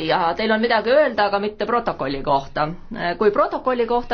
ja teil on midagi öelda, aga mitte protokolli kohta. kui protokolli kohta